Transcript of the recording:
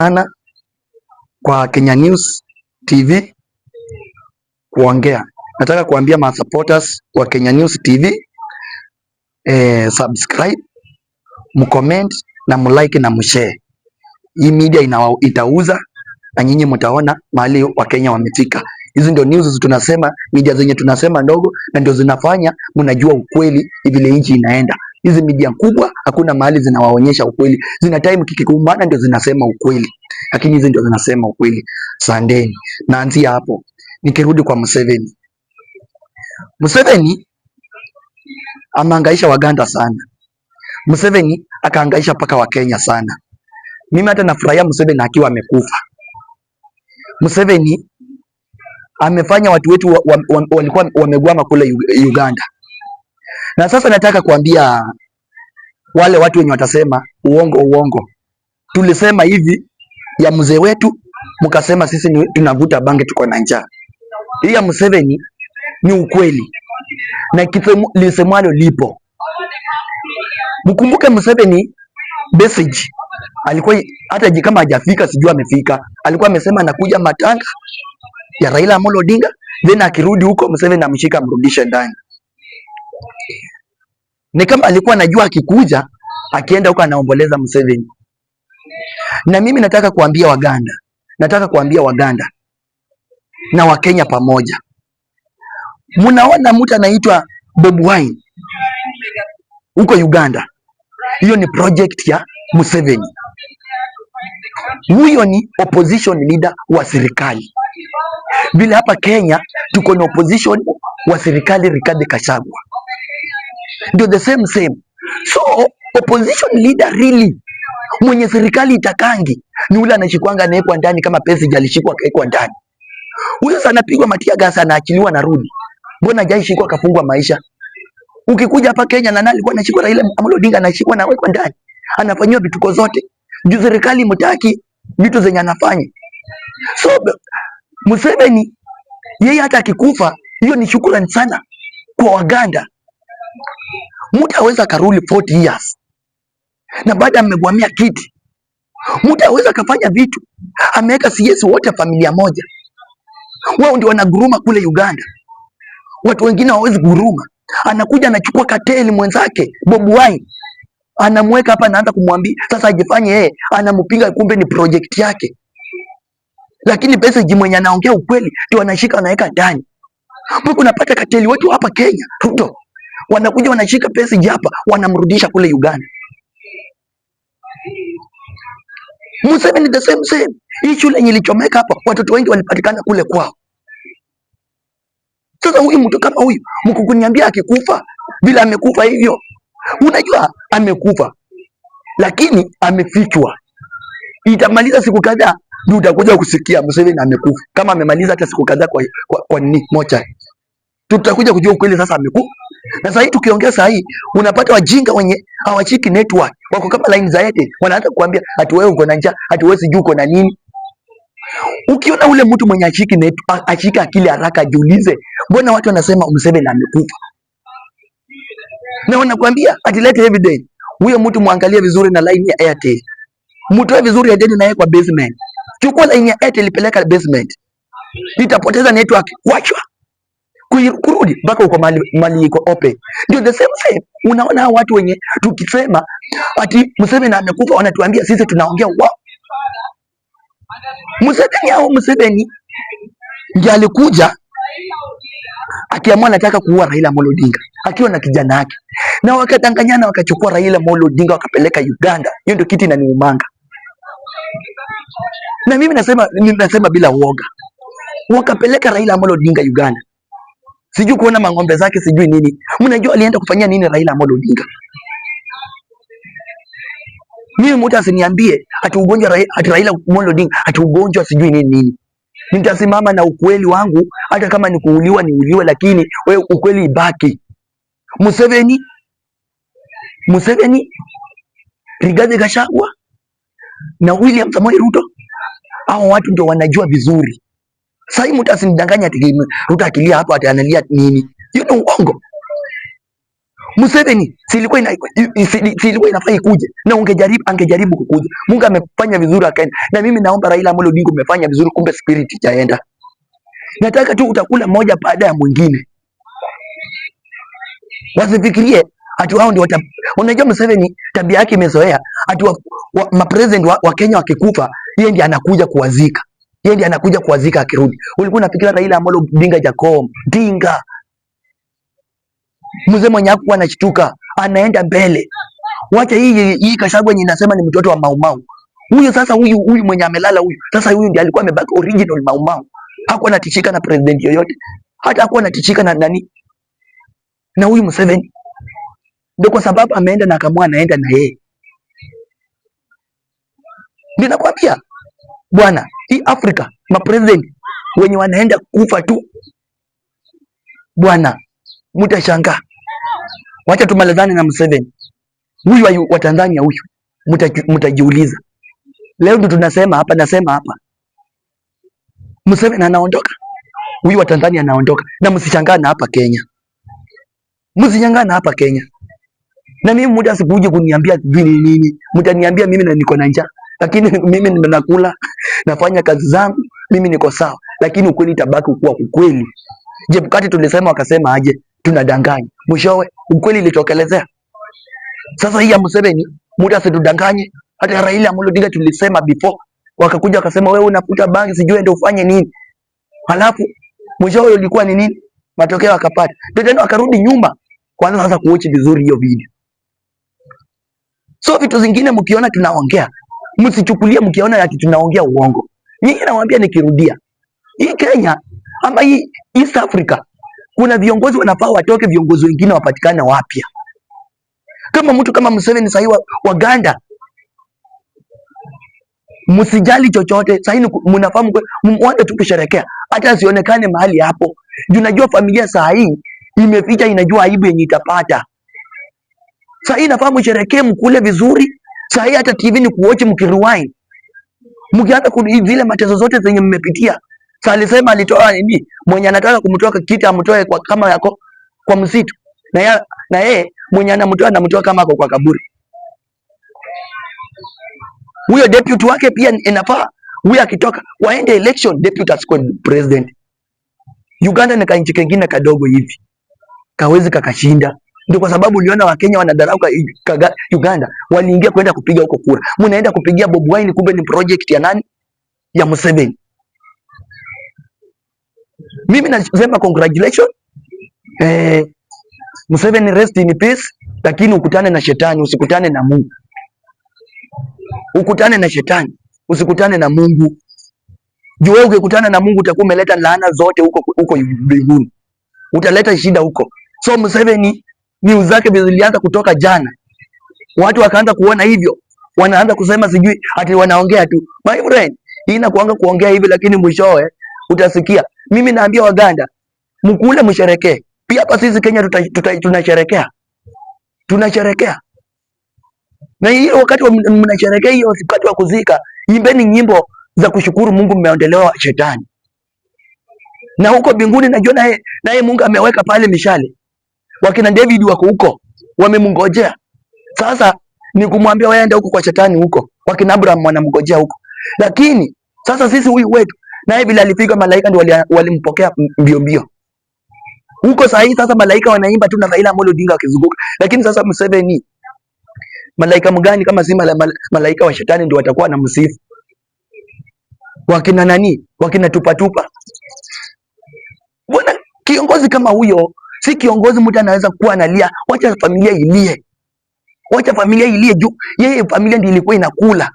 Ana kwa Kenya News TV kuongea. Nataka kuambia ma supporters wa Kenya News TV eh, subscribe, mcomment na mlike na mshare. Hii media ina, itauza na nyinyi mtaona mahali Wakenya wamefika. Hizi ndio news tunasema, media zenye tunasema ndogo, na ndio zinafanya mnajua ukweli vile nchi inaenda. Hizi media kubwa hakuna mahali zinawaonyesha ukweli, zina time kikikumbana ndio zinasema ukweli, lakini hizi ndio zinasema ukweli. Sandeni, naanzia hapo. Nikirudi kwa Museveni, Museveni amehangaisha Waganda sana. Museveni akahangaisha mpaka Wakenya sana. Mimi hata nafurahia Museveni akiwa amekufa. Museveni amefanya watu wetu walikuwa wa, wa, wa, wamegwama kule Uganda, na sasa nataka kuambia wale watu wenye watasema uongo uongo, tulisema hivi ya mzee wetu, mkasema sisi ni tunavuta bange, tuko na njaa. Hii ya Museveni ni ukweli na lisemwalo lipo. Mkumbuke Museveni message alikuwa hata kama hajafika, sijui amefika, alikuwa amesema anakuja matanga ya Raila Amolo Odinga, then akirudi huko Museveni amshika amrudishe ndani. Ni kama alikuwa anajua akikuja akienda huko anaomboleza Museveni. Na mimi nataka kuambia Waganda, nataka kuambia Waganda na Wakenya pamoja, munaona mtu anaitwa Bobi Wine huko Uganda, hiyo ni project ya Museveni. Huyo ni opposition leader wa serikali, vile hapa Kenya tuko na opposition wa serikali Rigathi Gachagua ndio the same same. So opposition leader really mwenye serikali itakangi ni ule anashikwanga anawekwa ndani kama Besigye alishikwa akawekwa ndani. Huyo sana anapigwa matia gasa anaachiliwa rudi. Mbona hajaishikwa akafungwa maisha? Ukikuja hapa Kenya na nani alikuwa anashikwa Raila Amolo Odinga anashikwa na wekwa ndani. Anafanyiwa vituko zote. Juu serikali mtaki vitu zenye anafanya. So Museveni yeye hata akikufa hiyo ni shukrani sana kwa Waganda. Mtu aweza karuli 40 years na baada amegwamia kiti. Mtu aweza kafanya vitu, ameweka CS wote familia moja, wao ndio wanaguruma kule Uganda, watu wengine hawawezi guruma. Anakuja anachukua kateli mwenzake Bobi Wine anamweka hapa, anaanza kumwambia sasa ajifanye yeye, anampinga, kumbe ni project yake. Lakini ji mwenye anaongea ukweli ndio anashika anaweka ndani. Mbona unapata kateli wetu hapa Kenya Ruto wanakuja wanashika pesa Japa, wanamrudisha kule Uganda. Museveni the same same. Hii shule yenye ilichomeka hapa, watoto wengi walipatikana kule kwao. Sasa huyu mtu kama huyu mkukuniambia akikufa bila amekufa hivyo, unajua amekufa lakini amefichwa. Itamaliza siku kadhaa ndio utakuja kusikia Museveni amekufa, kama amemaliza hata siku kadhaa kwa, kwa, kwa nini moja, tutakuja kujua ukweli sasa amekufa na sasa hivi tukiongea sasa hii unapata wajinga wenye hawachiki network wako kama line za yete wanaanza kukuambia ati wewe uko na njaa, ati wewe sijui uko na nini. Ukiona ule mtu mwenye achiki network, achika akili haraka, jiulize mbona watu wanasema Museveni amekufa, na wanakuambia ati lete evidence. Huyo mtu muangalie vizuri na line ya Airtel, mtoe vizuri Airtel na yeye kwa basement. Chukua line ya Airtel peleka basement, Nitapoteza network, wachwa kurudi mpaka uko mali mali iko open. Ndio the same same. Unaona watu wenye tukisema ati Museveni amekufa, wanatuambia sisi tunaongea wa Museveni au Museveni ndiye alikuja akiamua anataka kuua Raila Amolo Odinga akiwa na kijana yake, na wakatanganyana, wakachukua Raila Amolo Odinga wakapeleka Uganda. Hiyo ndio kitu inaniumanga, na mimi nasema, nasema bila uoga, wakapeleka Raila Amolo Odinga Uganda sijui kuona mang'ombe zake sijui nini. Mnajua alienda kufanyia nini Raila Amolo Odinga? Mimi mtu asiniambie ati ugonjwa ati Raila Amolo Odinga ati ugonjwa sijui nini nini. Nitasimama na ukweli wangu, hata kama ni kuuliwa niuliwe, lakini we ukweli ibaki. Museveni, Museveni, Rigathi Gachagua na William Samoei Ruto, hao watu ndio wanajua vizuri sasa hivi mtu asinidanganye ati Ruto akilia hapo ati analia nini? Hiyo ni uongo. Museveni silikuwa ina, silikuwa inafaa ikuje na ungejaribu angejaribu kukuja. Mungu amefanya vizuri akaenda. Na mimi naomba Raila Amolo Odinga umefanya vizuri, kumbe spirit itaenda. Nataka tu utakula moja baada ya mwingine. Wasifikirie ati wao ndio watab... Unajua Museveni tabia yake imezoea ati wa, wa, mapresident wa, wa Kenya wakikufa yeye ndiye anakuja kuwazika. Yeye ndiye anakuja kuwazika akirudi. Ulikuwa unafikiria Raila Amolo Odinga Jacob, Dinga. Mzee mwenye hakuwa anashtuka, anaenda mbele. Wacha hii hii Kashagwa yenye inasema ni mtoto wa Maumau. Huyo sasa huyu huyu mwenye amelala huyu. Sasa huyu ndiye alikuwa amebaki original Maumau. Hakuwa anatishika na president yoyote. Hata hakuwa anatishika na nani? Na huyu Museveni. Ndio kwa sababu ameenda na akamwa anaenda na yeye. Ninakwambia Bwana, hii Afrika mapresident wenye wanaenda kufa tu bwana, mtashangaa. Wacha tumalizane na Museveni huyu wa Tanzania huyu, mtajiuliza leo. ndo tunasema hapa, nasema hapa, Museveni anaondoka, huyu wa Tanzania anaondoka, na msishangana hapa Kenya, msishangana hapa Kenya. Na mimi muda sikuje kuniambia nini nini, mtaniambia mimi na niko na njaa lakini mimi nakula, nafanya kazi zangu, mimi niko sawa, lakini ukweli itabaki kuwa ukweli. Je, wakati tulisema wakasema aje, tunadanganya. Mwishowe ukweli ilitokelezea. Sasa hii ya Museveni, muda asitudanganye. Hata Raila Amolo Odinga tulisema before, wakakuja wakasema wewe unafuta bangi, sijui ndio ufanye nini, halafu mwishowe ulikuwa ni nini? Matokeo akapata ndio tena akarudi nyumba Kwanza sasa kuochi vizuri hiyo video. So vitu zingine mkiona tunaongea msichukulie mkiona ya kitu naongea uongo. Nyinyi nawaambia nikirudia, hii Kenya ama hii East Africa kuna viongozi wanafaa watoke, viongozi wengine wapatikane wapya, kama mtu kama Museveni sahii wa Uganda. Msijali chochote sahii, mnafahamu muone tu kusherekea, hata asionekane mahali hapo. Unajua familia sahii imeficha, inajua aibu yenye itapata sahii. Nafahamu sherekee, mkule vizuri Saa hii hata TV ni kuochi mkirewind. Mkianza vile mateso zote zenye mmepitia. Sasa alisema alitoa ah, nini? Mwenye anataka kumtoa kitu amtoe kwa kama yako kwa msitu. Na ya, na yeye mwenye anamtoa anamtoa kama ako kwa kaburi. Huyo deputy wake pia inafaa huyo akitoka waende election deputy asikuwe president. Uganda ni kanchi kengine kadogo hivi. Kawezi kakashinda. Ndio kwa sababu uliona Wakenya wanadharau Uganda, waliingia kwenda kupiga huko kura. Mnaenda kupigia Bob Wine, kumbe ni project ya nani? Ya Museveni. Mimi nasema congratulations. eh, Museveni rest in peace, lakini ukutane na shetani, usikutane na Mungu. Ukutane na shetani, usikutane na Mungu. Juu wewe ukikutana na Mungu utakuwa umeleta laana zote huko huko mbinguni, utaleta shida huko. So Museveni news zake zilianza kutoka jana, watu wakaanza kuona hivyo, wanaanza kusema sijui ati wanaongea tu. My friend, hii inakuanga kuongea hivi, lakini mwishowe utasikia. Mimi naambia Waganda mkule, msherekee pia. Hapa sisi Kenya tunasherekea, tunasherekea na hiyo wakati wa mnasherekea hiyo, wakati wa kuzika, imbeni nyimbo za kushukuru Mungu, mmeondolewa shetani na huko mbinguni. Najua naye Mungu ameweka pale mishale wakina David wako huko wamemngojea. Sasa ni kumwambia wewe waende huko kwa shetani huko, wakina Abraham wanamngojea huko. Lakini sasa sisi huyu wetu naye vile alipigwa malaika ndio walimpokea wali mbio mbio huko. Saa hii sasa malaika wanaimba tu na Raila Amolo Odinga akizunguka, lakini sasa Museveni malaika mgani kama si malaika wa shetani ndio watakuwa na msifu wakina nani wakina tupatupa. Bwana kiongozi kama huyo Si kiongozi mmoja anaweza kuwa analia, wacha familia ilie, wacha familia ilie juu yeye familia ndio ilikuwa inakula